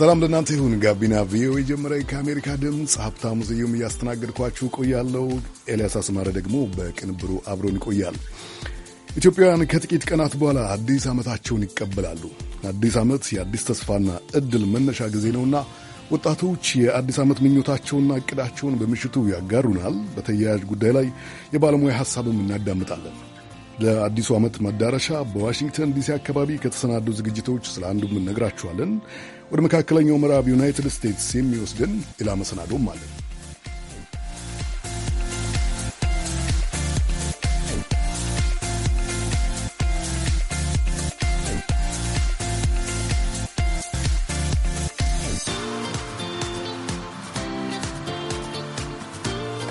ሰላም ለእናንተ ይሁን። ጋቢና ቪኦኤ ጀመረ። ከአሜሪካ ድምፅ ሀብታሙ ዝዩም እያስተናገድኳችሁ ቆያለው። ኤልያስ አስማረ ደግሞ በቅንብሩ አብሮን ይቆያል። ኢትዮጵያውያን ከጥቂት ቀናት በኋላ አዲስ ዓመታቸውን ይቀበላሉ። አዲስ ዓመት የአዲስ ተስፋና እድል መነሻ ጊዜ ነውና ወጣቶች የአዲስ ዓመት ምኞታቸውንና እቅዳቸውን በምሽቱ ያጋሩናል። በተያያዥ ጉዳይ ላይ የባለሙያ ሐሳብም እናዳምጣለን። ለአዲሱ ዓመት መዳረሻ በዋሽንግተን ዲሲ አካባቢ ከተሰናዱ ዝግጅቶች ስለ አንዱም እነግራችኋለን። ወደ መካከለኛው ምዕራብ ዩናይትድ ስቴትስ የሚወስድን ሌላ መሰናዶም አለ።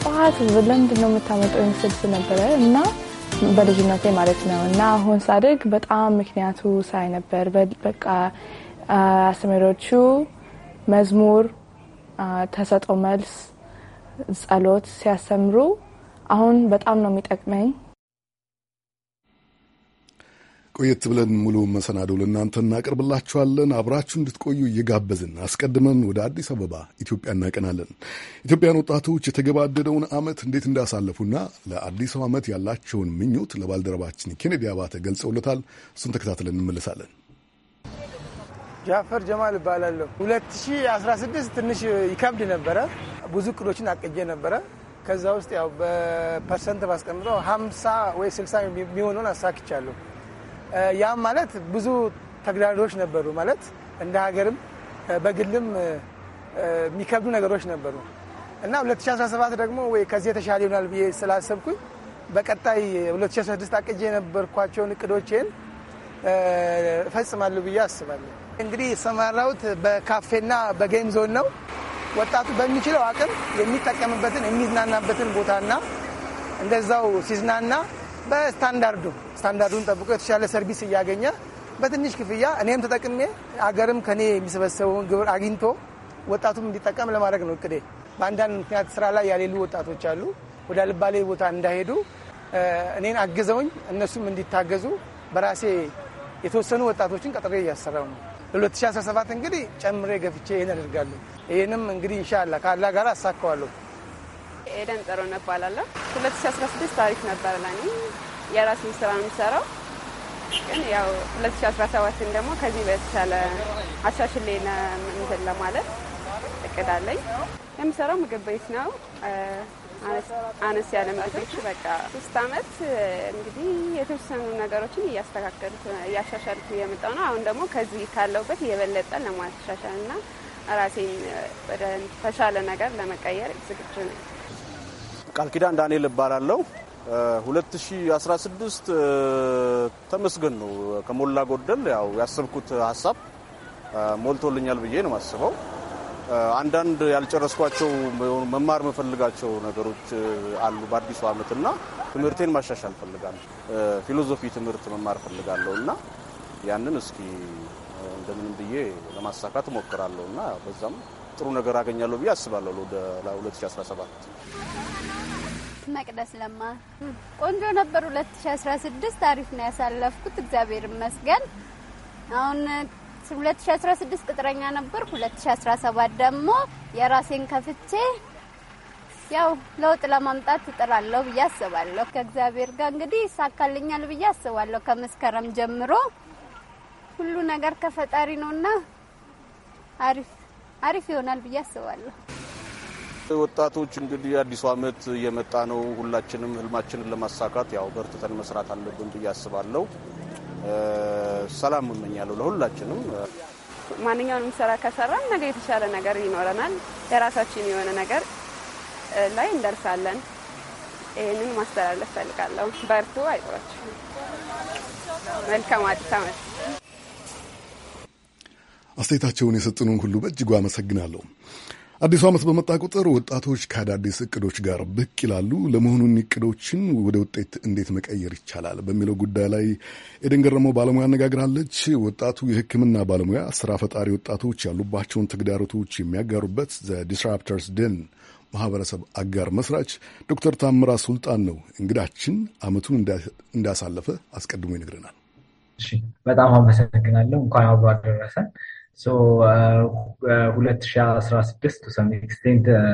ጠዋት ለምንድን ነው የምታመጠው ስልስ ነበረ እና በልጅነቴ ማለት ነው እና አሁን ሳድግ በጣም ምክንያቱ ሳይ ነበር በቃ አስተማሪዎቹ መዝሙር፣ ተሰጦ መልስ፣ ጸሎት ሲያስተምሩ አሁን በጣም ነው የሚጠቅመኝ። ቆየት ብለን ሙሉ መሰናዶ ለእናንተ እናቀርብላችኋለን። አብራችሁ እንድትቆዩ እየጋበዝን አስቀድመን ወደ አዲስ አበባ ኢትዮጵያ እናቀናለን። ኢትዮጵያን ወጣቶች የተገባደደውን ዓመት እንዴት እንዳሳለፉና ለአዲሱ ዓመት ያላቸውን ምኞት ለባልደረባችን ኬኔዲ አባተ ገልጸውለታል። እሱን ተከታትለን እንመለሳለን። ጃፈር ጀማል እባላለሁ። 2016 ትንሽ ይከብድ ነበረ። ብዙ እቅዶችን አቅጄ ነበረ። ከዛ ውስጥ ያው በፐርሰንት ባስቀምጠው 50 ወይ 60 የሚሆነውን አሳክቻለሁ። ያም ማለት ብዙ ተግዳሮች ነበሩ ማለት እንደ ሀገርም በግልም የሚከብዱ ነገሮች ነበሩ እና 2017 ደግሞ ወይ ከዚህ የተሻለ ይሆናል ብዬ ስላሰብኩኝ በቀጣይ 2016 አቅጄ የነበርኳቸውን እቅዶቼን እፈጽማለሁ ብዬ አስባለሁ። እንግዲህ የተሰማራሁት በካፌና በጌም ዞን ነው። ወጣቱ በሚችለው አቅም የሚጠቀምበትን የሚዝናናበትን ቦታና እንደዛው ሲዝናና በስታንዳርዱ ስታንዳርዱን ጠብቆ የተሻለ ሰርቪስ እያገኘ በትንሽ ክፍያ እኔም ተጠቅሜ አገርም ከኔ የሚሰበሰበውን ግብር አግኝቶ ወጣቱም እንዲጠቀም ለማድረግ ነው እቅዴ። በአንዳንድ ምክንያት ስራ ላይ ያሌሉ ወጣቶች አሉ። ወደ አልባሌ ቦታ እንዳይሄዱ እኔን አግዘውኝ እነሱም እንዲታገዙ በራሴ የተወሰኑ ወጣቶችን ቀጥሬ እያሰራው ነው። 2017 እንግዲህ ጨምሬ ገፍቼ ይህን አደርጋለሁ። ይህንም እንግዲህ ይሻላ ከአላ ጋር አሳካዋለሁ። ኤደን ጠሮ እባላለሁ። 2016 አሪፍ ነበር ለእኔ። የራሴን ስራ ነው የምሰራው፣ ግን ያው 2017ን ደግሞ ከዚህ በተሻለ አሻሽሌ ምንትን ለማለት እቅዳለኝ። የምሰራው ምግብ ቤት ነው። አነስ ያለ ምግቦች በቃ ሶስት አመት እንግዲህ የተወሰኑ ነገሮችን እያስተካከልኩ እያሻሻልኩ የመጣው ነው። አሁን ደግሞ ከዚህ ካለውበት የበለጠ ለማሻሻል እና ራሴን ወደ ተሻለ ነገር ለመቀየር ዝግጁ ነው። ቃል ኪዳን ዳንኤል እባላለሁ። 2016 ተመስገን ነው ከሞላ ጎደል ያው ያሰብኩት ሀሳብ ሞልቶልኛል ብዬ ነው የማስበው። አንዳንድ ያልጨረስኳቸው መማር የምፈልጋቸው ነገሮች አሉ በአዲሱ ዓመት እና ትምህርቴን ማሻሻል ፈልጋለሁ። ፊሎዞፊ ትምህርት መማር ፈልጋለሁ እና ያንን እስኪ እንደምንም ብዬ ለማሳካት እሞክራለሁ እና በዛም ጥሩ ነገር አገኛለሁ ብዬ አስባለሁ። ወደ 2017 መቅደስ ለማ ቆንጆ ነበር። 2016 አሪፍ ነው ያሳለፍኩት፣ እግዚአብሔር ይመስገን። አሁን 2016 ቅጥረኛ ነበር። 2017 ደግሞ የራሴን ከፍቼ ያው ለውጥ ለማምጣት እጥራለሁ ብዬ አስባለሁ። ከእግዚአብሔር ጋር እንግዲህ ይሳካልኛል ብዬ አስባለሁ። ከመስከረም ጀምሮ ሁሉ ነገር ከፈጣሪ ነውና አሪፍ አሪፍ ይሆናል ብዬ አስባለሁ። ወጣቶች እንግዲህ አዲሱ ዓመት እየመጣ ነው። ሁላችንም ህልማችንን ለማሳካት ያው በርትተን መስራት አለብን ብዬ አስባለሁ። ሰላም እመኛለሁ ለሁላችንም። ማንኛውንም ስራ ከሰራን ነገ የተሻለ ነገር ይኖረናል። የራሳችን የሆነ ነገር ላይ እንደርሳለን። ይህንን ማስተላለፍ ፈልጋለሁ። በርቱ፣ አይጥራችሁ። መልካም አዲስ ዓመት። አስተያየታቸውን የሰጡንን ሁሉ በእጅጉ አመሰግናለሁ። አዲሱ ዓመት በመጣ ቁጥር ወጣቶች ከአዳዲስ እቅዶች ጋር ብቅ ይላሉ። ለመሆኑን እቅዶችን ወደ ውጤት እንዴት መቀየር ይቻላል በሚለው ጉዳይ ላይ ኤደን ገረመው ባለሙያ አነጋግራለች። ወጣቱ የሕክምና ባለሙያ ስራ ፈጣሪ ወጣቶች ያሉባቸውን ተግዳሮቶች የሚያጋሩበት ዘ ዲስራፕተርስ ደን ማህበረሰብ አጋር መስራች ዶክተር ታምራ ሱልጣን ነው እንግዳችን። ዓመቱን እንዳሳለፈ አስቀድሞ ይነግረናል። በጣም አመሰግናለሁ። እንኳን አብሮ አደረሰን። 2016 ሰሜክስቴንት uh, uh, uh,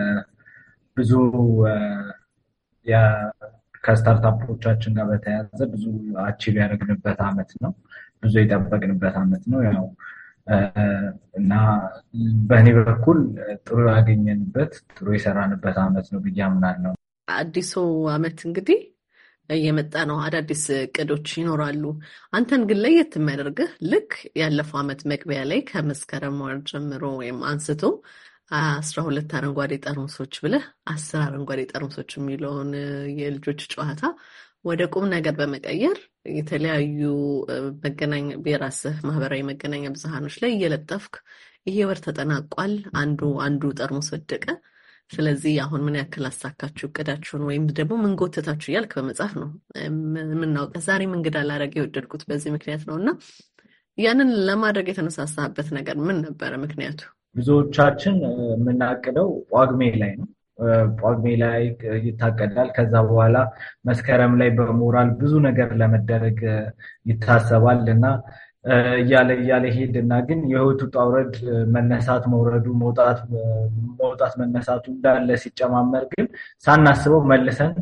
ብዙ ከስታርታፖቻችን ጋር በተያያዘ ብዙ አቺቭ ያደረግንበት አመት ነው። ብዙ የጠበቅንበት አመት ነው ያው እና በእኔ በኩል ጥሩ ያገኘንበት ጥሩ የሰራንበት አመት ነው ብዬ አምናለሁ። አዲሱ አመት እንግዲህ እየመጣ ነው። አዳዲስ እቅዶች ይኖራሉ። አንተን ግን ለየት የሚያደርግህ ልክ ያለፈው ዓመት መግቢያ ላይ ከመስከረም ወር ጀምሮ ወይም አንስቶ አስራ ሁለት አረንጓዴ ጠርሙሶች ብለህ አስር አረንጓዴ ጠርሙሶች የሚለውን የልጆች ጨዋታ ወደ ቁም ነገር በመቀየር የተለያዩ መገናኛ የራስህ ማህበራዊ መገናኛ ብዙሃኖች ላይ እየለጠፍክ ይሄ ወር ተጠናቋል፣ አንዱ አንዱ ጠርሙስ ወደቀ ስለዚህ አሁን ምን ያክል አሳካችሁ እቅዳችሁን ወይም ደግሞ ምን ጎተታችሁ እያልክ በመጽሐፍ ነው የምናውቀ። ዛሬ እንግዳ ላረግ የወደድኩት በዚህ ምክንያት ነው እና ያንን ለማድረግ የተነሳሳበት ነገር ምን ነበረ ምክንያቱ? ብዙዎቻችን የምናቅደው ጳጉሜ ላይ ነው። ጳጉሜ ላይ ይታቀዳል። ከዛ በኋላ መስከረም ላይ በሞራል ብዙ ነገር ለመደረግ ይታሰባል እና እያለ እያለ ሄድ እና ግን የህይወቱ ጣውረድ መነሳት መውረዱ መውጣት መነሳቱ እንዳለ ሲጨማመር ግን ሳናስበው መልሰን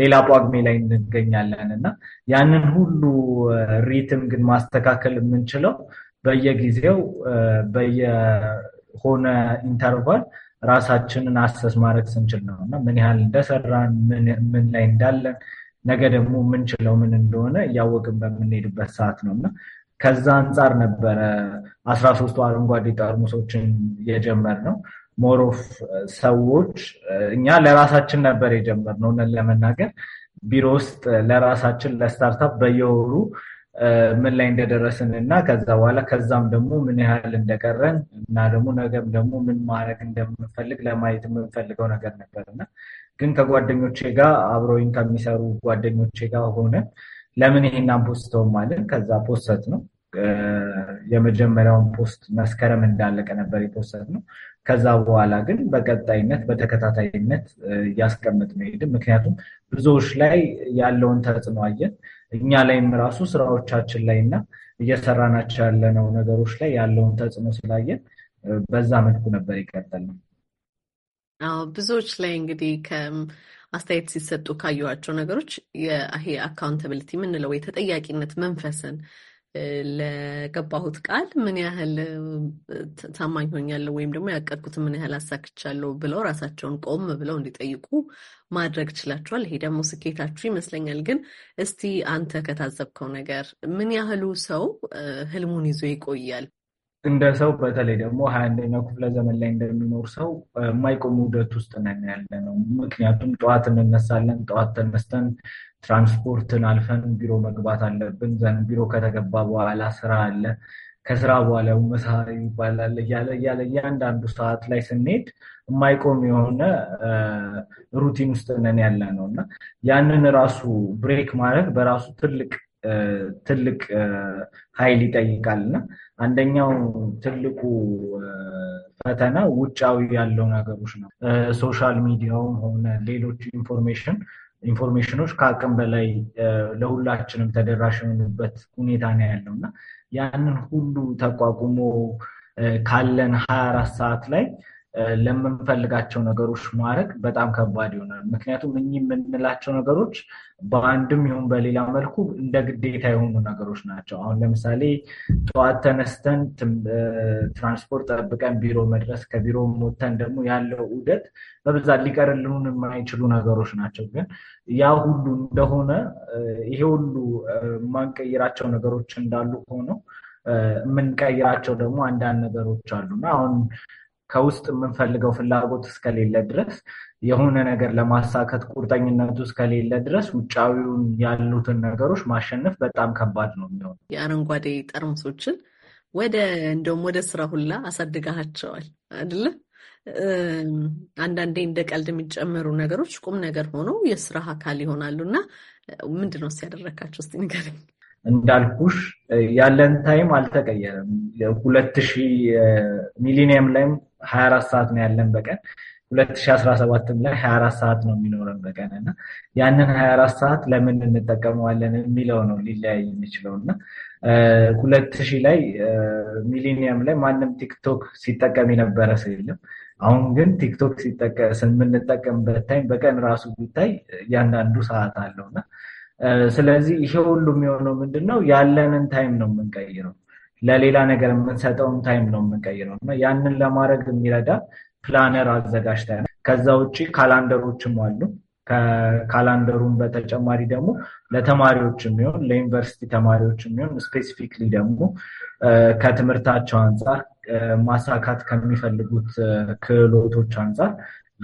ሌላ ጳጉሜ ላይ እንገኛለን እና ያንን ሁሉ ሪትም ግን ማስተካከል የምንችለው በየጊዜው በየሆነ ኢንተርቫል ራሳችንን አሰስ ማድረግ ስንችል ነው እና ምን ያህል እንደሰራን ምን ላይ እንዳለን ነገ ደግሞ የምንችለው ምን እንደሆነ እያወቅን በምንሄድበት ሰዓት ነው እና ከዛ አንጻር ነበረ አስራ ሶስቱ አረንጓዴ ጠርሙሶችን የጀመር ነው። ሞሮፍ ሰዎች እኛ ለራሳችን ነበር የጀመርነው። እውነት ለመናገር ቢሮ ውስጥ ለራሳችን ለስታርታፕ በየወሩ ምን ላይ እንደደረስን እና ከዛ በኋላ ከዛም ደግሞ ምን ያህል እንደቀረን እና ደግሞ ነገም ደግሞ ምን ማድረግ እንደምንፈልግ ለማየት የምንፈልገው ነገር ነበር እና ግን ከጓደኞቼ ጋር አብረውኝ ከሚሰሩ ጓደኞቼ ጋር ሆነን ለምን ይሄን አንፖስተውም አለን። ከዛ ፖስተት ነው የመጀመሪያውን ፖስት መስከረም እንዳለቀ ነበር የፖስተት ነው። ከዛ በኋላ ግን በቀጣይነት በተከታታይነት እያስቀምጥ መሄድ ምክንያቱም ብዙዎች ላይ ያለውን ተጽዕኖ አየን። እኛ ላይም ራሱ ስራዎቻችን ላይ እና እየሰራናቸው ያለነው ነገሮች ላይ ያለውን ተጽዕኖ ስላየን በዛ መልኩ ነበር ይቀጠል ነው ብዙዎች ላይ እንግዲህ አስተያየት ሲሰጡ ካየኋቸው ነገሮች ይሄ አካውንታብሊቲ የምንለው የተጠያቂነት መንፈስን ለገባሁት ቃል ምን ያህል ታማኝ ሆኛለሁ ወይም ደግሞ ያቀድኩትን ምን ያህል አሳክቻለሁ ብለው ራሳቸውን ቆም ብለው እንዲጠይቁ ማድረግ ችላችኋል። ይሄ ደግሞ ስኬታችሁ ይመስለኛል። ግን እስቲ አንተ ከታዘብከው ነገር ምን ያህሉ ሰው ህልሙን ይዞ ይቆያል? እንደ ሰው በተለይ ደግሞ ሀያ አንደኛው ክፍለ ዘመን ላይ እንደሚኖር ሰው የማይቆም ውደት ውስጥ ነን ያለ ነው። ምክንያቱም ጠዋት እንነሳለን። ጠዋት ተነስተን ትራንስፖርትን አልፈን ቢሮ መግባት አለብን። ዘን ቢሮ ከተገባ በኋላ ስራ አለ። ከስራ በኋላ ምሳ ይባላል እያለ እያለ እያንዳንዱ ሰዓት ላይ ስንሄድ የማይቆም የሆነ ሩቲን ውስጥ ነን ያለ ነው እና ያንን ራሱ ብሬክ ማድረግ በራሱ ትልቅ ትልቅ ኃይል ይጠይቃል እና አንደኛው ትልቁ ፈተና ውጫዊ ያለው ነገሮች ነው። ሶሻል ሚዲያውም ሆነ ሌሎች ኢንፎርሜሽን ኢንፎርሜሽኖች ከአቅም በላይ ለሁላችንም ተደራሽ የሆኑበት ሁኔታ ነው ያለው እና ያንን ሁሉ ተቋቁሞ ካለን ሀያ አራት ሰዓት ላይ ለምንፈልጋቸው ነገሮች ማድረግ በጣም ከባድ ይሆናል። ምክንያቱም እኚህ የምንላቸው ነገሮች በአንድም ይሁን በሌላ መልኩ እንደ ግዴታ የሆኑ ነገሮች ናቸው። አሁን ለምሳሌ ጠዋት ተነስተን ትራንስፖርት ጠብቀን ቢሮ መድረስ፣ ከቢሮ ሞተን ደግሞ ያለው ዑደት በብዛት ሊቀርልን የማይችሉ ነገሮች ናቸው። ግን ያ ሁሉ እንደሆነ ይሄ ሁሉ የማንቀይራቸው ነገሮች እንዳሉ ሆነው የምንቀይራቸው ደግሞ አንዳንድ ነገሮች አሉና አሁን ከውስጥ የምንፈልገው ፍላጎት እስከሌለ ድረስ የሆነ ነገር ለማሳከት ቁርጠኝነቱ እስከሌለ ድረስ ውጫዊውን ያሉትን ነገሮች ማሸነፍ በጣም ከባድ ነው የሚሆነው። የአረንጓዴ ጠርሙሶችን ወደ እንደውም ወደ ስራ ሁላ አሳድጋቸዋል አይደለ? አንዳንዴ እንደ ቀልድ የሚጨመሩ ነገሮች ቁም ነገር ሆኖ የስራ አካል ይሆናሉ እና ምንድን ነው ሲያደረካቸው እስኪ ንገረኝ። እንዳልኩሽ ያለን ታይም አልተቀየረም። ሁለት ሺህ ሚሊኒየም ላይም 24 ሰዓት ነው ያለን በቀን 2017 ላይ 24 ሰዓት ነው የሚኖረን በቀን እና ያንን 24 ሰዓት ለምን እንጠቀመዋለን የሚለው ነው ሊለያይ የሚችለው እና 2000 ላይ ሚሊኒየም ላይ ማንም ቲክቶክ ሲጠቀም የነበረ ሰው የለም። አሁን ግን ቲክቶክ የምንጠቀምበት ታይም በቀን ራሱ ቢታይ እያንዳንዱ ሰዓት አለው እና ስለዚህ ይሄ ሁሉ የሚሆነው ምንድን ነው ያለንን ታይም ነው የምንቀይረው ለሌላ ነገር የምንሰጠውን ታይም ነው የምንቀይረው እና ያንን ለማድረግ የሚረዳ ፕላነር አዘጋጅተን ከዛ ውጭ ካላንደሮችም አሉ። ከካላንደሩም በተጨማሪ ደግሞ ለተማሪዎች የሚሆን ለዩኒቨርሲቲ ተማሪዎች የሚሆን ስፔሲፊክሊ ደግሞ ከትምህርታቸው አንጻር ማሳካት ከሚፈልጉት ክህሎቶች አንጻር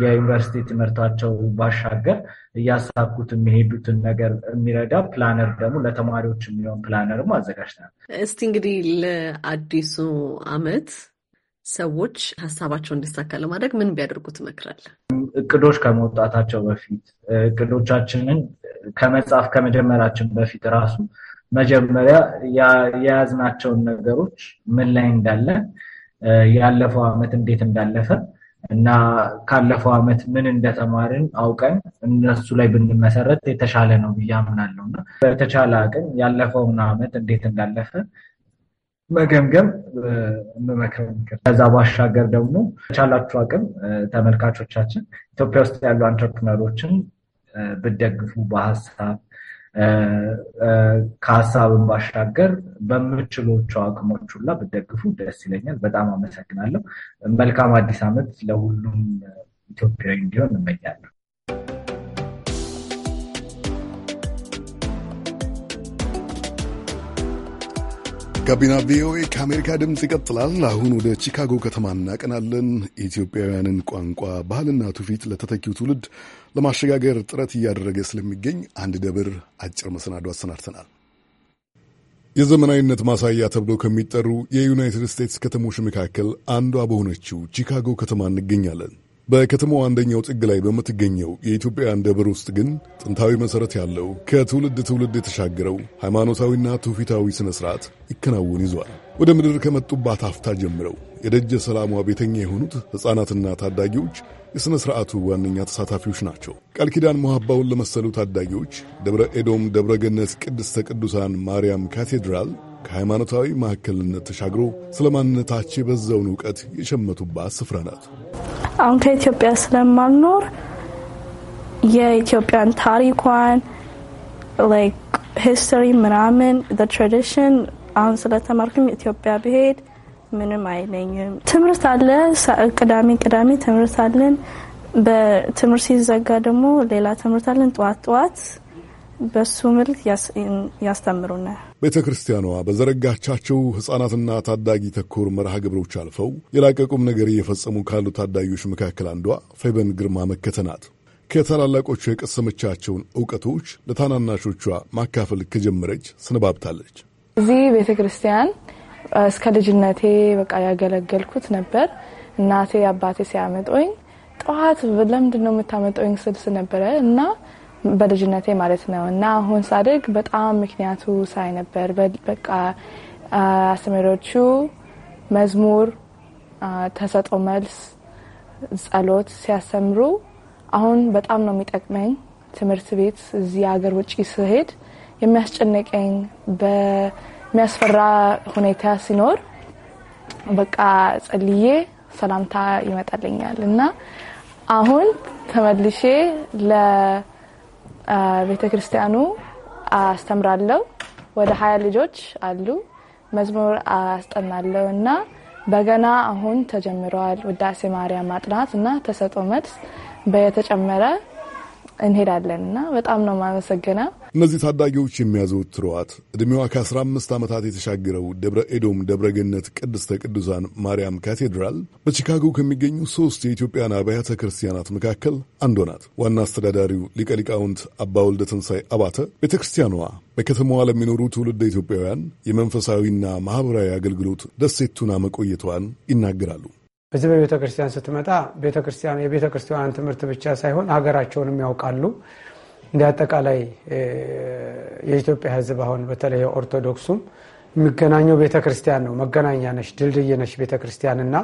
የዩኒቨርሲቲ ትምህርታቸው ባሻገር እያሳኩት የሚሄዱትን ነገር የሚረዳ ፕላነር ደግሞ ለተማሪዎች የሚሆን ፕላነርም አዘጋጅተናል። እስቲ እንግዲህ ለአዲሱ አመት ሰዎች ሀሳባቸው እንዲሳካ ለማድረግ ምን ቢያደርጉ ትመክራል? እቅዶች ከመውጣታቸው በፊት እቅዶቻችንን ከመጻፍ ከመጀመራችን በፊት ራሱ መጀመሪያ የያዝናቸውን ነገሮች ምን ላይ እንዳለን ያለፈው አመት እንዴት እንዳለፈ እና ካለፈው ዓመት ምን እንደተማርን አውቀን እነሱ ላይ ብንመሰረት የተሻለ ነው ብዬ አምናለሁ እና በተቻለ አቅም ያለፈውን ዓመት እንዴት እንዳለፈ መገምገም የምመክረው ምክር። ከዛ ባሻገር ደግሞ በቻላችሁ አቅም ተመልካቾቻችን ኢትዮጵያ ውስጥ ያሉ አንትርፕነሮችን ብደግፉ በሀሳብ ከሀሳብን ባሻገር በምችሎቸው አቅሞች ሁላ ብደግፉ ደስ ይለኛል። በጣም አመሰግናለሁ። መልካም አዲስ ዓመት ለሁሉም ኢትዮጵያዊ እንዲሆን እመኛለሁ። ጋቢና ቪኦኤ ከአሜሪካ ድምፅ ይቀጥላል። አሁን ወደ ቺካጎ ከተማ እናቀናለን። ኢትዮጵያውያንን ቋንቋ ባህልና ትውፊት ለተተኪው ትውልድ ለማሸጋገር ጥረት እያደረገ ስለሚገኝ አንድ ደብር አጭር መሰናዶ አሰናድተናል። የዘመናዊነት ማሳያ ተብሎ ከሚጠሩ የዩናይትድ ስቴትስ ከተሞች መካከል አንዷ በሆነችው ቺካጎ ከተማ እንገኛለን። በከተማው አንደኛው ጥግ ላይ በምትገኘው የኢትዮጵያውያን ደብር ውስጥ ግን ጥንታዊ መሠረት ያለው ከትውልድ ትውልድ የተሻገረው ሃይማኖታዊና ትውፊታዊ ሥነ ሥርዓት ይከናወን ይዟል። ወደ ምድር ከመጡባት አፍታ ጀምረው የደጀ ሰላሟ ቤተኛ የሆኑት ሕፃናትና ታዳጊዎች የሥነ ሥርዓቱ ዋነኛ ተሳታፊዎች ናቸው። ቃል ኪዳን መሐባውን ለመሰሉ ታዳጊዎች ደብረ ኤዶም ደብረ ገነት ቅድስተ ቅዱሳን ማርያም ካቴድራል ከሃይማኖታዊ ማዕከልነት ተሻግሮ ስለ ማንነታቸው የበዛውን እውቀት የሸመቱባት ስፍራ ናት። አሁን ከኢትዮጵያ ስለማልኖር የኢትዮጵያን ታሪኳን ሂስትሪ ምናምን ትራዲሽን አሁን ስለተማርኩም ኢትዮጵያ ብሄድ ምንም አይለኝም። ትምህርት አለ። ቅዳሜ ቅዳሜ ትምህርት አለን። በትምህርት ሲዘጋ ደግሞ ሌላ ትምህርት አለን። ጠዋት ጠዋት በሱ ምልት ያስተምሩናል። ቤተ ክርስቲያኗ በዘረጋቻቸው ሕጻናትና ታዳጊ ተኮር መርሃ ግብሮች አልፈው የላቀ ቁም ነገር እየፈጸሙ ካሉ ታዳጊዎች መካከል አንዷ ፌበን ግርማ መከተናት ናት። ከታላላቆቹ የቀሰመቻቸውን እውቀቶች ለታናናሾቿ ማካፈል ከጀመረች ስንባብታለች። እዚህ ቤተ ክርስቲያን እስከ ልጅነቴ በቃ ያገለገልኩት ነበር። እናቴ አባቴ ሲያመጦኝ ጠዋት ለምንድን ነው የምታመጠኝ ስልስ ነበረ እና በልጅነቴ ማለት ነው እና አሁን ሳድግ በጣም ምክንያቱ ሳይ ነበር። በቃ አስተማሪዎቹ መዝሙር፣ ተሰጦ መልስ፣ ጸሎት ሲያስተምሩ አሁን በጣም ነው የሚጠቅመኝ። ትምህርት ቤት እዚህ ሀገር ውጭ ስሄድ የሚያስጨንቀኝ በሚያስፈራ ሁኔታ ሲኖር በቃ ጸልዬ ሰላምታ ይመጣልኛል እና አሁን ተመልሼ ቤተ ክርስቲያኑ አስተምራለሁ። ወደ ሀያ ልጆች አሉ። መዝሙር አስጠናለሁ እና በገና አሁን ተጀምረዋል። ውዳሴ ማርያም ማጥናት እና ተሰጦ መልስ በየተጨመረ እንሄዳለን እና በጣም ነው የማመሰግነው። እነዚህ ታዳጊዎች የሚያዙት ዕድሜዋ ከ15 ዓመታት የተሻገረው ደብረ ኤዶም ደብረ ገነት ቅድስተ ቅዱሳን ማርያም ካቴድራል በቺካጎ ከሚገኙ ሦስት የኢትዮጵያን አብያተ ክርስቲያናት መካከል አንዷ ናት። ዋና አስተዳዳሪው ሊቀ ሊቃውንት አባ ወልደ ትንሣኤ አባተ ቤተ ክርስቲያኗ በከተማዋ ለሚኖሩ ትውልደ ኢትዮጵያውያን የመንፈሳዊና ማኅበራዊ አገልግሎት ደሴቱና መቆየቷን ይናገራሉ። በዚህ በቤተ ክርስቲያን ስትመጣ ቤተ ክርስቲያን የቤተ ክርስቲያን ትምህርት ብቻ ሳይሆን ሀገራቸውንም ያውቃሉ። እንደ አጠቃላይ የኢትዮጵያ ሕዝብ አሁን በተለይ ኦርቶዶክሱም የሚገናኘው ቤተ ክርስቲያን ነው። መገናኛ ነች፣ ድልድይ ነች ቤተ ክርስቲያን እና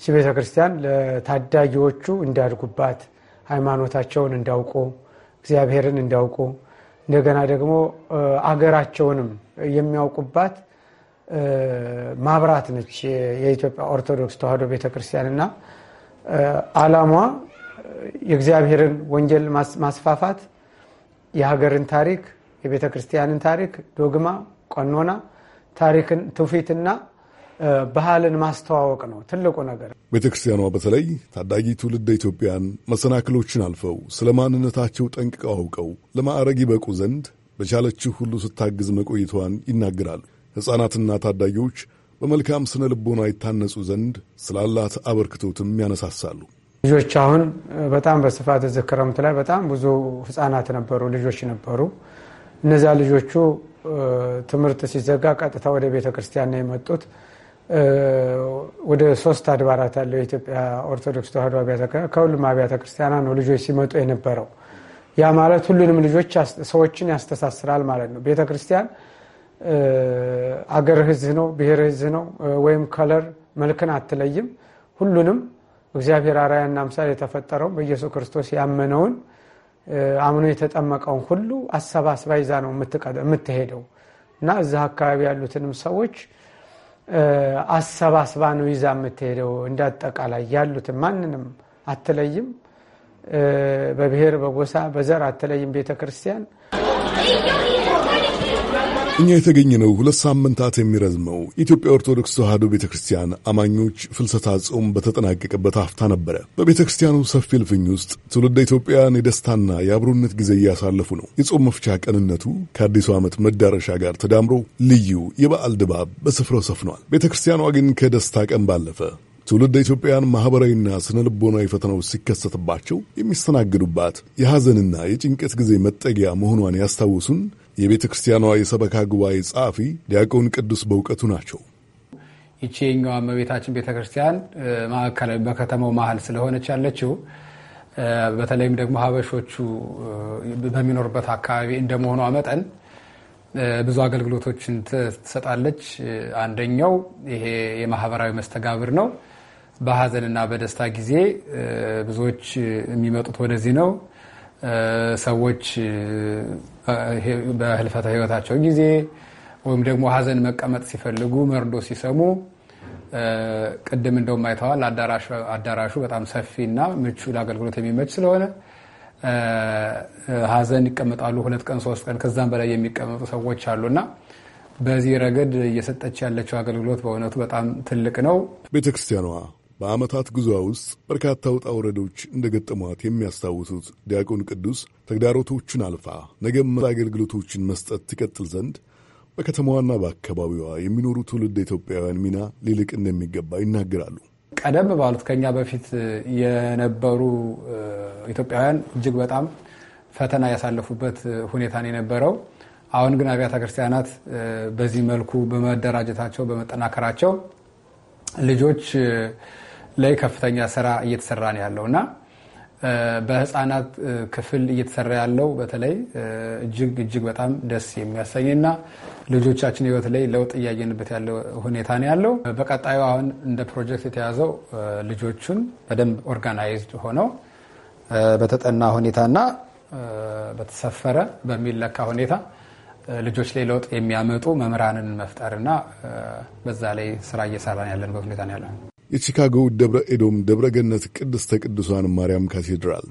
እሺ ቤተ ክርስቲያን ለታዳጊዎቹ እንዲያድጉባት ሃይማኖታቸውን እንዲያውቁ እግዚአብሔርን እንዲያውቁ እንደገና ደግሞ አገራቸውንም የሚያውቁባት ማብራት ነች የኢትዮጵያ ኦርቶዶክስ ተዋህዶ ቤተክርስቲያን እና ዓላሟ የእግዚአብሔርን ወንጌል ማስፋፋት የሀገርን ታሪክ፣ የቤተ ክርስቲያንን ታሪክ፣ ዶግማ፣ ቀኖና፣ ታሪክን፣ ትውፊትና ባህልን ማስተዋወቅ ነው ትልቁ ነገር። ቤተ ክርስቲያኗ በተለይ ታዳጊ ትውልደ ኢትዮጵያን መሰናክሎችን አልፈው ስለ ማንነታቸው ጠንቅቀው አውቀው ለማዕረግ ይበቁ ዘንድ በቻለችው ሁሉ ስታግዝ መቆየቷን ይናገራሉ። ሕፃናትና ታዳጊዎች በመልካም ስነ ልቦና ይታነጹ ዘንድ ስላላት አበርክቶትም ያነሳሳሉ። ልጆች አሁን በጣም በስፋት እዚህ ክረምት ላይ በጣም ብዙ ህጻናት ነበሩ፣ ልጆች ነበሩ። እነዚያ ልጆቹ ትምህርት ሲዘጋ ቀጥታ ወደ ቤተ ክርስቲያን ነው የመጡት። ወደ ሶስት አድባራት ያለው የኢትዮጵያ ኦርቶዶክስ ተዋህዶ ከሁሉም አብያተ ክርስቲያና ነው ልጆች ሲመጡ የነበረው። ያ ማለት ሁሉንም ልጆች ሰዎችን ያስተሳስራል ማለት ነው። ቤተ ክርስቲያን አገር ህዝብ ነው፣ ብሔር ህዝ ነው፣ ወይም ከለር መልክን አትለይም። ሁሉንም እግዚአብሔር አራያና ምሳሌ የተፈጠረውን በኢየሱስ ክርስቶስ ያመነውን አምኖ የተጠመቀውን ሁሉ አሰባስባ ይዛ ነው የምትሄደው እና እዛ አካባቢ ያሉትንም ሰዎች አሰባስባ ነው ይዛ የምትሄደው። እንዳጠቃላይ ያሉትን ማንንም አትለይም። በብሔር፣ በጎሳ፣ በዘር አትለይም ቤተ ክርስቲያን እኛ የተገኘነው ሁለት ሳምንታት የሚረዝመው የኢትዮጵያ ኦርቶዶክስ ተዋሕዶ ቤተ ክርስቲያን አማኞች ፍልሰታ ጾም በተጠናቀቀበት ሀፍታ ነበረ። በቤተ ክርስቲያኑ ሰፊ እልፍኝ ውስጥ ትውልደ ኢትዮጵያውያን የደስታና የአብሮነት ጊዜ እያሳለፉ ነው። የጾም መፍቻ ቀንነቱ ከአዲሱ ዓመት መዳረሻ ጋር ተዳምሮ ልዩ የበዓል ድባብ በስፍራው ሰፍኗል። ቤተ ክርስቲያኗ ግን ከደስታ ቀን ባለፈ ትውልድ ኢትዮጵያውያን ማኅበራዊና ስነ ልቦናዊ ፈተናዎች ሲከሰትባቸው የሚስተናግዱባት የሐዘንና የጭንቀት ጊዜ መጠጊያ መሆኗን ያስታውሱን የቤተ ክርስቲያኗ የሰበካ ጉባኤ ጸሐፊ ዲያቆን ቅዱስ በእውቀቱ ናቸው። ይቺ የኛዋ እመቤታችን ቤተ ክርስቲያን ማዕከላዊ በከተማው መሀል ስለሆነች ያለችው በተለይም ደግሞ ሀበሾቹ በሚኖርበት አካባቢ እንደመሆኗ መጠን ብዙ አገልግሎቶችን ትሰጣለች። አንደኛው ይሄ የማህበራዊ መስተጋብር ነው። በሀዘንና በደስታ ጊዜ ብዙዎች የሚመጡት ወደዚህ ነው። ሰዎች በህልፈተ ህይወታቸው ጊዜ ወይም ደግሞ ሀዘን መቀመጥ ሲፈልጉ መርዶ ሲሰሙ ቅድም እንደውም አይተዋል። አዳራሹ በጣም ሰፊ እና ምቹ ለአገልግሎት የሚመች ስለሆነ ሀዘን ይቀመጣሉ። ሁለት ቀን ሶስት ቀን ከዛም በላይ የሚቀመጡ ሰዎች እና በዚህ ረገድ እየሰጠች ያለችው አገልግሎት በእውነቱ በጣም ትልቅ ነው ቤተክርስቲያኗ በዓመታት ጉዞዋ ውስጥ በርካታ ውጣ ውረዶች እንደገጠሟት የሚያስታውሱት ዲያቆን ቅዱስ ተግዳሮቶቹን አልፋ ነገም አገልግሎቶችን መስጠት ትቀጥል ዘንድ በከተማዋና በአካባቢዋ የሚኖሩ ትውልድ ኢትዮጵያውያን ሚና ሊልቅ እንደሚገባ ይናገራሉ። ቀደም ባሉት ከኛ በፊት የነበሩ ኢትዮጵያውያን እጅግ በጣም ፈተና ያሳለፉበት ሁኔታ ነው የነበረው። አሁን ግን አብያተ ክርስቲያናት በዚህ መልኩ በመደራጀታቸው በመጠናከራቸው ልጆች ላይ ከፍተኛ ስራ እየተሰራ ነው ያለው እና በህፃናት ክፍል እየተሰራ ያለው በተለይ እጅግ እጅግ በጣም ደስ የሚያሰኝና ልጆቻችን ህይወት ላይ ለውጥ እያየንበት ያለው ሁኔታ ነው ያለው። በቀጣዩ አሁን እንደ ፕሮጀክት የተያዘው ልጆቹን በደንብ ኦርጋናይዝድ ሆነው በተጠና ሁኔታና በተሰፈረ በሚለካ ሁኔታ ልጆች ላይ ለውጥ የሚያመጡ መምህራንን መፍጠርና በዛ ላይ ስራ እየሰራን ያለንበት ሁኔታ ነው ያለው። የቺካጎው ደብረ ኤዶም ደብረ ገነት ቅድስተ ቅዱሳን ማርያም ካቴድራል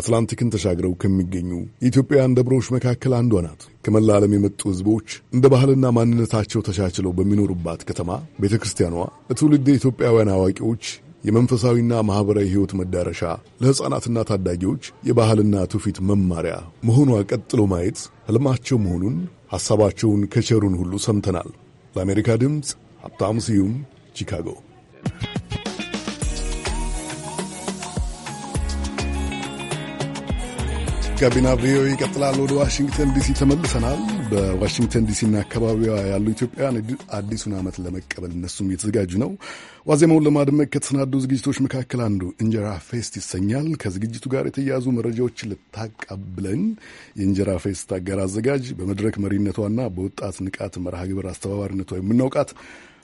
አትላንቲክን ተሻግረው ከሚገኙ የኢትዮጵያውያን ደብሮች መካከል አንዷ ናት። ከመላ ዓለም የመጡ ሕዝቦች እንደ ባህልና ማንነታቸው ተቻችለው በሚኖሩባት ከተማ ቤተ ክርስቲያኗ ለትውልድ የኢትዮጵያውያን አዋቂዎች የመንፈሳዊና ማኅበራዊ ሕይወት መዳረሻ፣ ለሕፃናትና ታዳጊዎች የባህልና ትውፊት መማሪያ መሆኗ ቀጥሎ ማየት ሕልማቸው መሆኑን ሐሳባቸውን ከቸሩን ሁሉ ሰምተናል። ለአሜሪካ ድምፅ ሀብታሙ ስዩም ቺካጎ ጋቢና ቪኦኤ ይቀጥላል። ወደ ዋሽንግተን ዲሲ ተመልሰናል። በዋሽንግተን ዲሲና አካባቢዋ ያሉ ኢትዮጵያውያን አዲሱን ዓመት ለመቀበል እነሱም እየተዘጋጁ ነው። ዋዜማውን ለማድመቅ ከተሰናዱ ዝግጅቶች መካከል አንዱ እንጀራ ፌስት ይሰኛል። ከዝግጅቱ ጋር የተያያዙ መረጃዎችን ልታቀብለን የእንጀራ ፌስት አጋር አዘጋጅ በመድረክ መሪነቷና በወጣት ንቃት መርሃ ግብር አስተባባሪነቷ የምናውቃት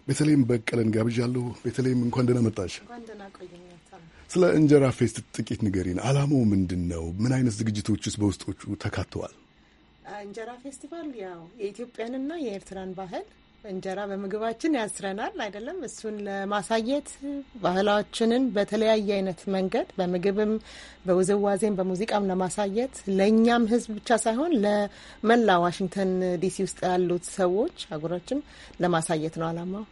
ቤተልሔም በቀለን ጋብዣለሁ። ቤተልሔም እንኳን ደህና መጣሽ። ስለ እንጀራ ፌስት ጥቂት ንገሪን። አላማው ምንድን ነው? ምን አይነት ዝግጅቶችስ በውስጦቹ ተካተዋል? እንጀራ ፌስቲቫል ያው የኢትዮጵያንና የኤርትራን ባህል እንጀራ በምግባችን ያስረናል አይደለም? እሱን ለማሳየት ባህላችንን በተለያየ አይነት መንገድ በምግብም፣ በውዝዋዜም፣ በሙዚቃም ለማሳየት ለእኛም ህዝብ ብቻ ሳይሆን ለመላ ዋሽንግተን ዲሲ ውስጥ ያሉት ሰዎች አጉራችን ለማሳየት ነው አላማው።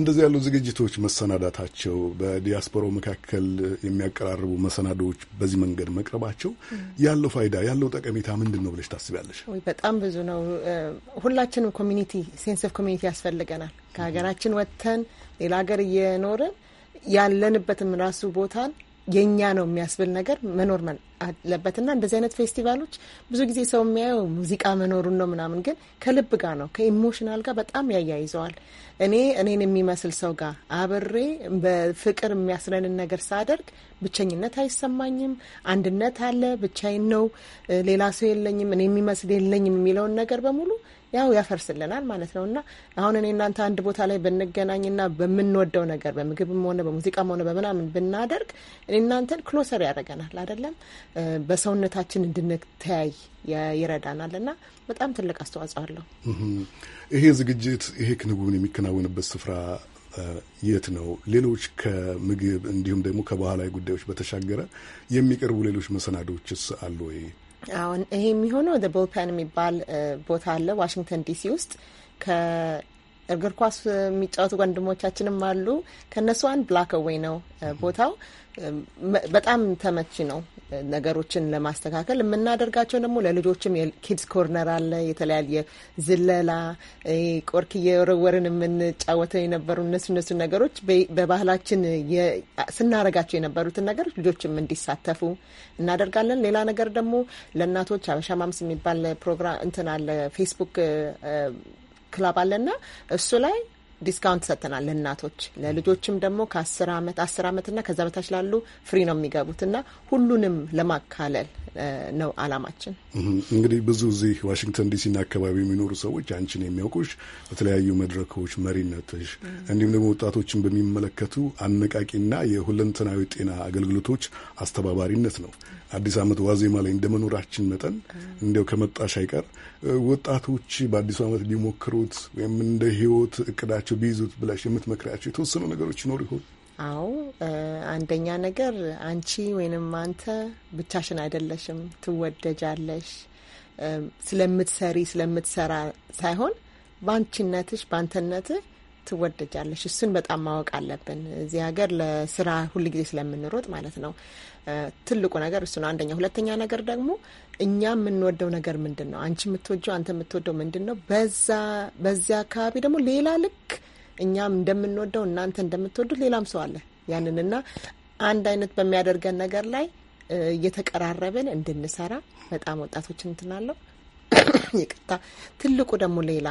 እንደዚህ ያሉ ዝግጅቶች መሰናዳታቸው በዲያስፖራው መካከል የሚያቀራርቡ መሰናዶዎች በዚህ መንገድ መቅረባቸው ያለው ፋይዳ ያለው ጠቀሜታ ምንድን ነው ብለሽ ታስቢያለሽ? በጣም ብዙ ነው። ሁላችንም ኮሚኒቲ ሴንስ ኦፍ ኮሚኒቲ ያስፈልገናል። ከሀገራችን ወጥተን ሌላ ሀገር እየኖርን ያለንበትም ራሱ ቦታን የእኛ ነው የሚያስብል ነገር መኖር አለበት እና እንደዚህ አይነት ፌስቲቫሎች ብዙ ጊዜ ሰው የሚያየው ሙዚቃ መኖሩን ነው ምናምን፣ ግን ከልብ ጋር ነው ከኢሞሽናል ጋር በጣም ያያይዘዋል። እኔ እኔን የሚመስል ሰው ጋር አብሬ በፍቅር የሚያስረንን ነገር ሳደርግ ብቸኝነት አይሰማኝም። አንድነት አለ፣ ብቻዬን ነው፣ ሌላ ሰው የለኝም፣ እኔ የሚመስል የለኝም የሚለውን ነገር በሙሉ ያው ያፈርስልናል ማለት ነው እና አሁን እኔ እናንተ አንድ ቦታ ላይ ብንገናኝና በምንወደው ነገር በምግብም ሆነ በሙዚቃም ሆነ በምናምን ብናደርግ እኔ እናንተን ክሎሰር ያደርገናል አይደለም፣ በሰውነታችን እንድንተያይ ይረዳናል እና በጣም ትልቅ አስተዋጽኦ አለው። ይሄ ዝግጅት ይሄ ክንውን የሚከናወንበት ስፍራ የት ነው? ሌሎች ከምግብ እንዲሁም ደግሞ ከባህላዊ ጉዳዮች በተሻገረ የሚቀርቡ ሌሎች መሰናዶችስ አሉ ወይ? አሁን ይሄ የሚሆነው ቦልፐን የሚባል ቦታ አለ ዋሽንግተን ዲሲ ውስጥ እግር ኳስ የሚጫወቱ ወንድሞቻችንም አሉ። ከእነሱ አንድ ብላክ አዌይ ነው ቦታው። በጣም ተመቺ ነው ነገሮችን ለማስተካከል የምናደርጋቸው ደግሞ ለልጆችም የኪድስ ኮርነር አለ። የተለያየ ዝለላ፣ ቆርክ እየወረወርን የምንጫወተው የነበሩ እነሱ እነሱ ነገሮች በባህላችን ስናረጋቸው የነበሩትን ነገሮች ልጆችም እንዲሳተፉ እናደርጋለን። ሌላ ነገር ደግሞ ለእናቶች አበሻ ማምስ የሚባል ፕሮግራም እንትን አለ ፌስቡክ ክላብ አለና እሱ ላይ ዲስካውንት ሰጥተናል ለእናቶች ለልጆችም ደግሞ ከአስር አመት አስር ና ከዛ በታች ላሉ ፍሪ ነው የሚገቡት ና ሁሉንም ለማካለል ነው አላማችን። እንግዲህ ብዙ እዚህ ዋሽንግተን ዲሲና አካባቢ የሚኖሩ ሰዎች አንቺን የሚያውቁሽ በተለያዩ መድረኮች መሪነትሽ፣ እንዲሁም ደግሞ ወጣቶችን በሚመለከቱ አነቃቂና የሁለንተናዊ ጤና አገልግሎቶች አስተባባሪነት ነው። አዲስ አመት ዋዜማ ላይ እንደመኖራችን መጠን እንዲያው ከመጣሽ አይቀር ወጣቶች በአዲሱ አመት ሊሞክሩት ወይም እንደ ህይወት እቅዳ በግላቸው ቢይዙት ብላሽ የምትመክሪያቸው የተወሰኑ ነገሮች ይኖሩ ይሆን? አዎ፣ አንደኛ ነገር አንቺ ወይንም አንተ ብቻሽን አይደለሽም፣ ትወደጃለሽ። ስለምትሰሪ ስለምትሰራ ሳይሆን በአንቺነትሽ በአንተነትህ ትወደጃለሽ። እሱን በጣም ማወቅ አለብን። እዚህ ሀገር ለስራ ጊዜ ስለምንሮጥ ማለት ነው ትልቁ ነገር እሱ ነው። አንደኛ። ሁለተኛ ነገር ደግሞ እኛ የምንወደው ነገር ምንድን ነው? አንቺ የምትወጀው አንተ የምትወደው ምንድን ነው? በዛ በዚያ አካባቢ ደግሞ ሌላ ልክ እኛም እንደምንወደው እናንተ እንደምትወዱት ሌላም ሰው አለ። ያንንና አንድ አይነት በሚያደርገን ነገር ላይ እየተቀራረብን እንድንሰራ በጣም ወጣቶች እንትናለው። ይቅርታ። ትልቁ ደግሞ ሌላ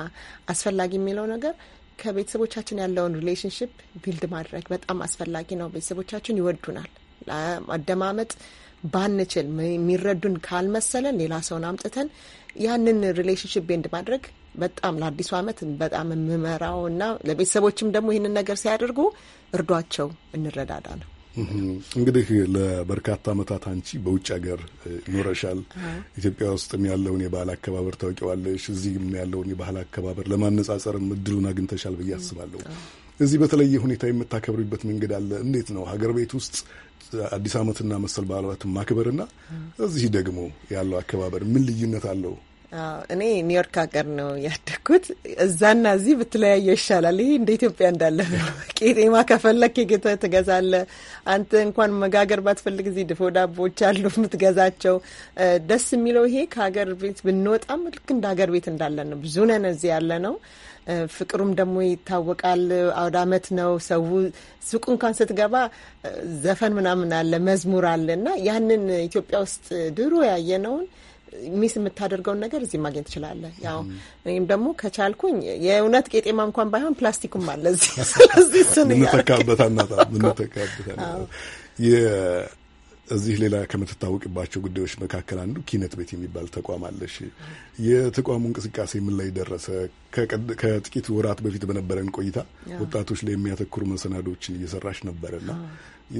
አስፈላጊ የሚለው ነገር ከቤተሰቦቻችን ያለውን ሪሌሽንሽፕ ቢልድ ማድረግ በጣም አስፈላጊ ነው። ቤተሰቦቻችን ይወዱናል ለማደማመጥ ባንችል የሚረዱን ካልመሰለን ሌላ ሰውን አምጥተን ያንን ሪሌሽንሽፕ ቤንድ ማድረግ በጣም ለአዲሱ ዓመት በጣም የምመራው እና ለቤተሰቦችም ደግሞ ይህንን ነገር ሲያደርጉ እርዷቸው፣ እንረዳዳ ነው። እንግዲህ ለበርካታ ዓመታት አንቺ በውጭ ሀገር ኖረሻል። ኢትዮጵያ ውስጥም ያለውን የባህል አከባበር ታውቂዋለሽ፣ እዚህም ያለውን የባህል አከባበር ለማነጻጸርም እድሉን አግኝተሻል ብዬ አስባለሁ። እዚህ በተለየ ሁኔታ የምታከብሪበት መንገድ አለ። እንዴት ነው ሀገር ቤት ውስጥ አዲስ ዓመትና መሰል በዓላትን ማክበርና እዚህ ደግሞ ያለው አከባበር ምን ልዩነት አለው? እኔ ኒውዮርክ ሀገር ነው ያደግኩት። እዛና እዚህ ብትለያየ ይሻላል። ይሄ እንደ ኢትዮጵያ እንዳለ ነው። ቄጤማ ከፈለክ ጌተ ትገዛለ። አንተ እንኳን መጋገር ባትፈልግ እዚህ ድፎ ዳቦች አሉ የምትገዛቸው። ደስ የሚለው ይሄ ከሀገር ቤት ብንወጣም ልክ እንደ ሀገር ቤት እንዳለ ነው። ብዙ ነን እዚህ ያለ ነው። ፍቅሩም ደግሞ ይታወቃል። አውደ አመት ነው። ሰው ሱቁ እንኳን ስትገባ ዘፈን ምናምን አለ፣ መዝሙር አለ እና ያንን ኢትዮጵያ ውስጥ ድሮ ያየነውን ሚስ የምታደርገውን ነገር እዚህ ማግኘት ትችላለህ። ያው ወይም ደግሞ ከቻልኩኝ የእውነት ቄጤማ እንኳን ባይሆን ፕላስቲኩም አለ እዚህ ስለዚህ ስንተካበታናታ ምንተካበታ እዚህ ሌላ ከምትታወቅባቸው ጉዳዮች መካከል አንዱ ኪነት ቤት የሚባል ተቋም አለሽ። የተቋሙ እንቅስቃሴ ምን ላይ ደረሰ? ከጥቂት ወራት በፊት በነበረን ቆይታ ወጣቶች ላይ የሚያተኩሩ መሰናዶችን እየሰራሽ ነበረና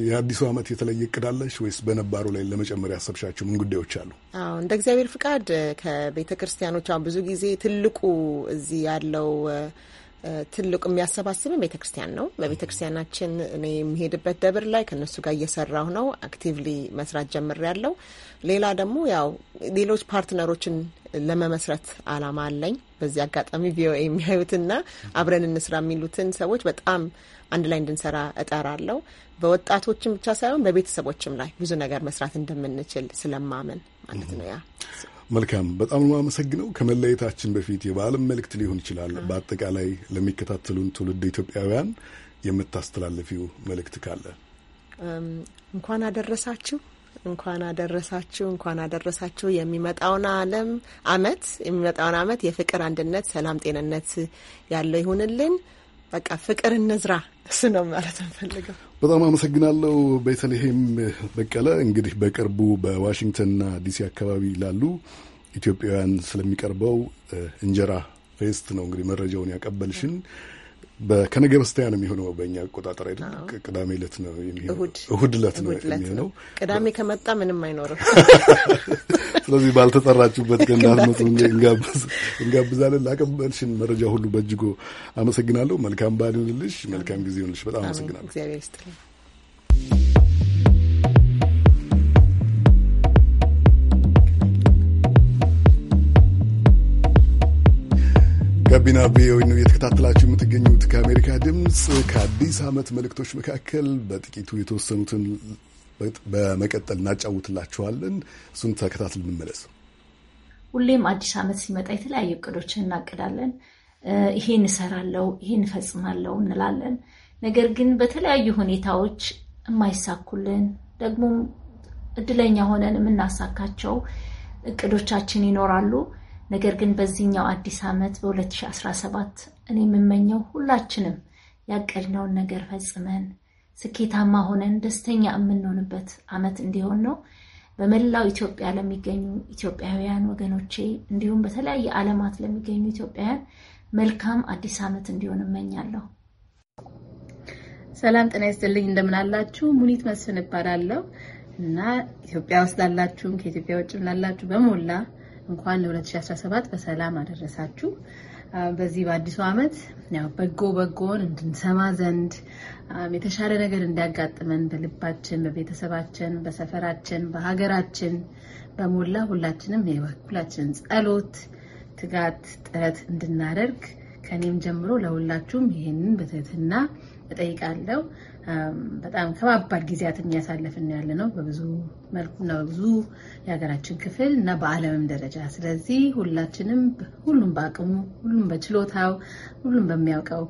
የአዲሱ ዓመት የተለየ እቅዳለሽ ወይስ በነባሩ ላይ ለመጨመር ያሰብሻቸው ምን ጉዳዮች አሉ? አዎ እንደ እግዚአብሔር ፍቃድ ከቤተ ክርስቲያኖች አሁን ብዙ ጊዜ ትልቁ እዚህ ያለው ትልቁ የሚያሰባስብም ቤተክርስቲያን ነው። በቤተክርስቲያናችን እኔ የሚሄድበት ደብር ላይ ከእነሱ ጋር እየሰራሁ ነው። አክቲቭሊ መስራት ጀምር ያለው። ሌላ ደግሞ ያው ሌሎች ፓርትነሮችን ለመመስረት አላማ አለኝ። በዚህ አጋጣሚ ቪኦኤ የሚያዩትና አብረን እንስራ የሚሉትን ሰዎች በጣም አንድ ላይ እንድንሰራ እጠራለሁ። በወጣቶችም ብቻ ሳይሆን በቤተሰቦችም ላይ ብዙ ነገር መስራት እንደምንችል ስለማመን ማለት ነው ያ መልካም፣ በጣም ነው አመሰግነው። ከመለየታችን በፊት የበዓለም መልእክት ሊሆን ይችላል፣ በአጠቃላይ ለሚከታተሉን ትውልድ ኢትዮጵያውያን የምታስተላልፊው መልእክት ካለ? እንኳን አደረሳችሁ እንኳን አደረሳችሁ እንኳን አደረሳችሁ። የሚመጣውን አለም አመት የሚመጣውን አመት የፍቅር አንድነት፣ ሰላም፣ ጤንነት ያለው ይሁንልን። በቃ ፍቅር እንዝራ እሱ ነው ማለት እንፈልገው። በጣም አመሰግናለሁ ቤተልሔም በቀለ። እንግዲህ በቅርቡ በዋሽንግተንና ዲሲ አካባቢ ላሉ ኢትዮጵያውያን ስለሚቀርበው እንጀራ ፌስት ነው እንግዲህ መረጃውን ያቀበልሽን። ከነገ በስቲያ ነው የሚሆነው። በእኛ አቆጣጠር አይደል? ቅዳሜ ዕለት ነው የሚሆነው፣ እሁድ ዕለት ነው የሚሆነው። ቅዳሜ ከመጣ ምንም አይኖርም። ስለዚህ ባልተጠራችሁበት ገና እንዳትመጡ እንጋብዛለን። ላቀበልሽን መረጃ ሁሉ በእጅጉ አመሰግናለሁ። መልካም በዓል ይሁንልሽ፣ መልካም ጊዜ ይሁንልሽ። በጣም አመሰግናለሁ። እግዚአብሔር ይስጥልኝ። ጋቢና ቪኦኤ ነው እየተከታተላችሁ የምትገኙት ከአሜሪካ ድምፅ። ከአዲስ ዓመት መልእክቶች መካከል በጥቂቱ የተወሰኑትን በመቀጠል እናጫውትላችኋለን። እሱን ተከታትል እንመለስ። ሁሌም አዲስ ዓመት ሲመጣ የተለያዩ እቅዶችን እናቅዳለን። ይሄን እሰራለሁ፣ ይሄን እፈጽማለሁ እንላለን። ነገር ግን በተለያዩ ሁኔታዎች የማይሳኩልን ደግሞም እድለኛ ሆነን የምናሳካቸው እቅዶቻችን ይኖራሉ። ነገር ግን በዚህኛው አዲስ ዓመት በ2017 እኔ የምመኘው ሁላችንም ያቀድነውን ነገር ፈጽመን ስኬታማ ሆነን ደስተኛ የምንሆንበት ዓመት እንዲሆን ነው። በመላው ኢትዮጵያ ለሚገኙ ኢትዮጵያውያን ወገኖቼ እንዲሁም በተለያየ ዓለማት ለሚገኙ ኢትዮጵያውያን መልካም አዲስ ዓመት እንዲሆን እመኛለሁ። ሰላም ጤና ይስጥልኝ። እንደምን አላችሁ? ሙኒት መስፍን እባላለሁ እና ኢትዮጵያ ውስጥ ላላችሁም ከኢትዮጵያ ውጭም ላላችሁ በሞላ እንኳን ለ2017 በሰላም አደረሳችሁ። በዚህ በአዲሱ ዓመት በጎ በጎን እንድንሰማ ዘንድ የተሻለ ነገር እንዲያጋጥመን በልባችን፣ በቤተሰባችን፣ በሰፈራችን፣ በሀገራችን በሞላ ሁላችንም የበኩላችንን ጸሎት፣ ትጋት፣ ጥረት እንድናደርግ ከኔም ጀምሮ ለሁላችሁም ይህንን በትህትና እጠይቃለሁ። በጣም ከባባድ ጊዜያትን እያሳለፍን ያለ ነው በብዙ እና በብዙ የሀገራችን ክፍል እና በዓለምም ደረጃ። ስለዚህ ሁላችንም ሁሉም በአቅሙ ሁሉም በችሎታው ሁሉም በሚያውቀው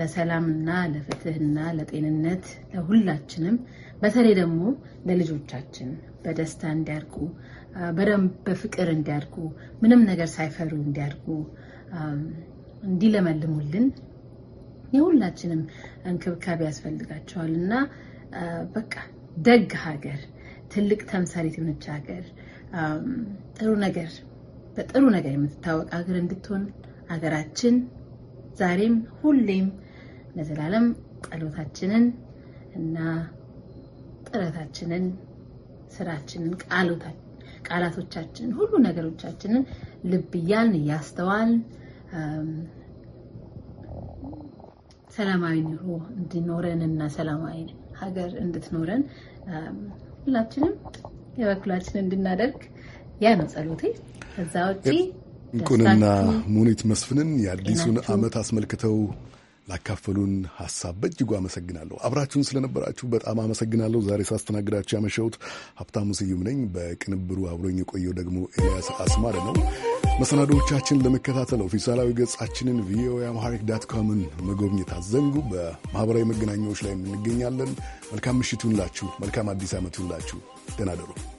ለሰላምና ለፍትህና ለጤንነት ለሁላችንም በተለይ ደግሞ ለልጆቻችን በደስታ እንዲያድጉ በደንብ በፍቅር እንዲያድጉ ምንም ነገር ሳይፈሩ እንዲያድጉ እንዲለመልሙልን የሁላችንም እንክብካቤ ያስፈልጋቸዋል እና በቃ ደግ ሀገር፣ ትልቅ ተምሳሌት የሆነች ሀገር፣ ጥሩ ነገር በጥሩ ነገር የምትታወቅ ሀገር እንድትሆን ሀገራችን ዛሬም ሁሌም ለዘላለም ጸሎታችንን እና ጥረታችንን፣ ስራችንን፣ ቃላቶቻችንን፣ ሁሉ ነገሮቻችንን ልብ እያልን እያስተዋልን ሰላማዊ ኑሮ እንዲኖረን እና ሰላማዊ ሀገር እንድትኖረን ሁላችንም የበኩላችን እንድናደርግ ያ ነው ጸሎቴ። ከዛ ውጪ እንቁንና ሙኒት መስፍንን የአዲሱን ዓመት አስመልክተው ላካፈሉን ሀሳብ በእጅጉ አመሰግናለሁ። አብራችሁን ስለነበራችሁ በጣም አመሰግናለሁ። ዛሬ ሳስተናግዳችሁ ያመሸሁት ሀብታሙ ስዩም ነኝ። በቅንብሩ አብሮኝ የቆየው ደግሞ ኤልያስ አስማረ ነው። መሰናዶዎቻችን ለመከታተል ኦፊሳላዊ ገጻችንን ቪኦኤ አምሃሪክ ዳት ኮምን መጎብኘት አዘንጉ። በማኅበራዊ መገናኛዎች ላይ እንገኛለን። መልካም ምሽት ይሁንላችሁ። መልካም አዲስ ዓመት ይሁንላችሁ። ደህና